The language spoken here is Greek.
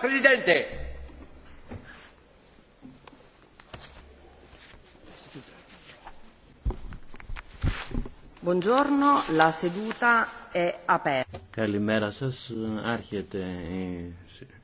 Presidente. Buongiorno, la seduta è aperta. Καλημέρα σας. Άρχεται η